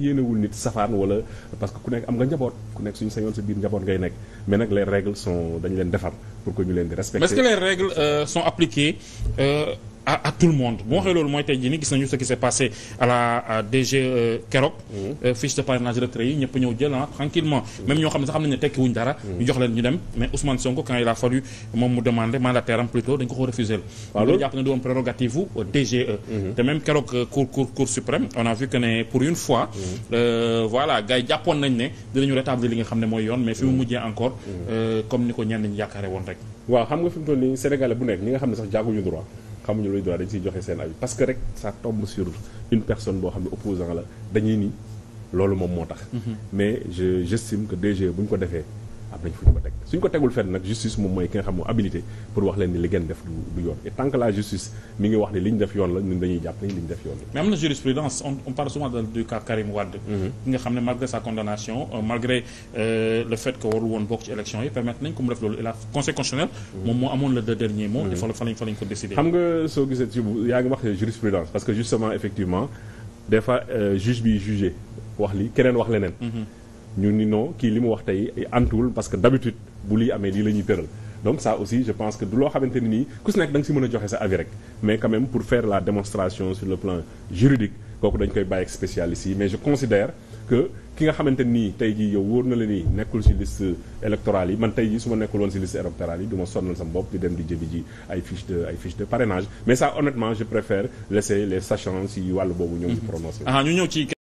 yéenewul nit safaan wala parce que ku nekk am nga njaboot ku nekk suñu sañoon sa biir njaboot ngay nekk mais nag les règles sont dañu leen defar pour que ñu leen di respecter. est que les règles euh, sont appliquées euh, à à tout le monde bu waxee loolu mooy tey jii ni gis nañu ce qui s'est passé a la DG euh, Keroog. Mm. Euh, fiche de parrainage retrait yi ñëpp ñëw jël ah tranquillement mm. même ñoo xam ne sax xam nañ ne tekki wuñ dara. Mm. ñu jox leen ñu dem mais Ousmane Sonko quand il a fallu moom mu demander mandataire am plutôt dañ ko ko refusé la. waaw loolu pour une fois. Euh, voilà gars yi jàppoon nañ ne dinañu rétablir li nga xam ne mooy yoon mais fi mu mujjee encore. comme ni ko ñenn ñi yaakaare woon rek. nekk ñi nga xam ne sax jànguñu droit xamuñu luy droit dañ siy joxe seen avis parce que rek ça tombe sur une personne boo xam ne opposant la dañuy ni loolu moom moo tax mhm. mais je j'estime que DG bu ñu ko defee am nañ fu ñu ko teg suñ ko tegul fenn nag na jurisprudence on on parle souvent du cas Karim Wade. Mm-hmm. ki nga xam ne malgré sa condamnation euh, malgré euh, le fait que warul woon bokk ci élection yi permettre nañ ko mu def loolu et la conseil constitutionnel. Mm-hmm. moom moo amoon le dernier mot. fa lañ ko décidé. xam nga soo gisee ci yaa ngi wax jurisprudence parce que justement effectivement des euh, juge bi jugé wax li keneen wax leneen. Mm-hmm. ñu ni non kii li mu wax tey antuwul parce que d'habitude bu liy amee lii la tëral donc ça aussi je pense que du loo xamante ni nii ku si nekk da nga si mën a joxe sa avis rek mais quand pour faire la démonstration sur le plan juridique kooku dañ koy bàyyi ak spécialiste yi mais je considère que ki nga xamante nii tey jii yow wóor na la ni nekkul ci liste électorale yi man tey jii su ma nekkul woon ci liste électorale yi du ma sonnal sama bopp di dem di jëli ji ay fiche de ay fiche de parrainage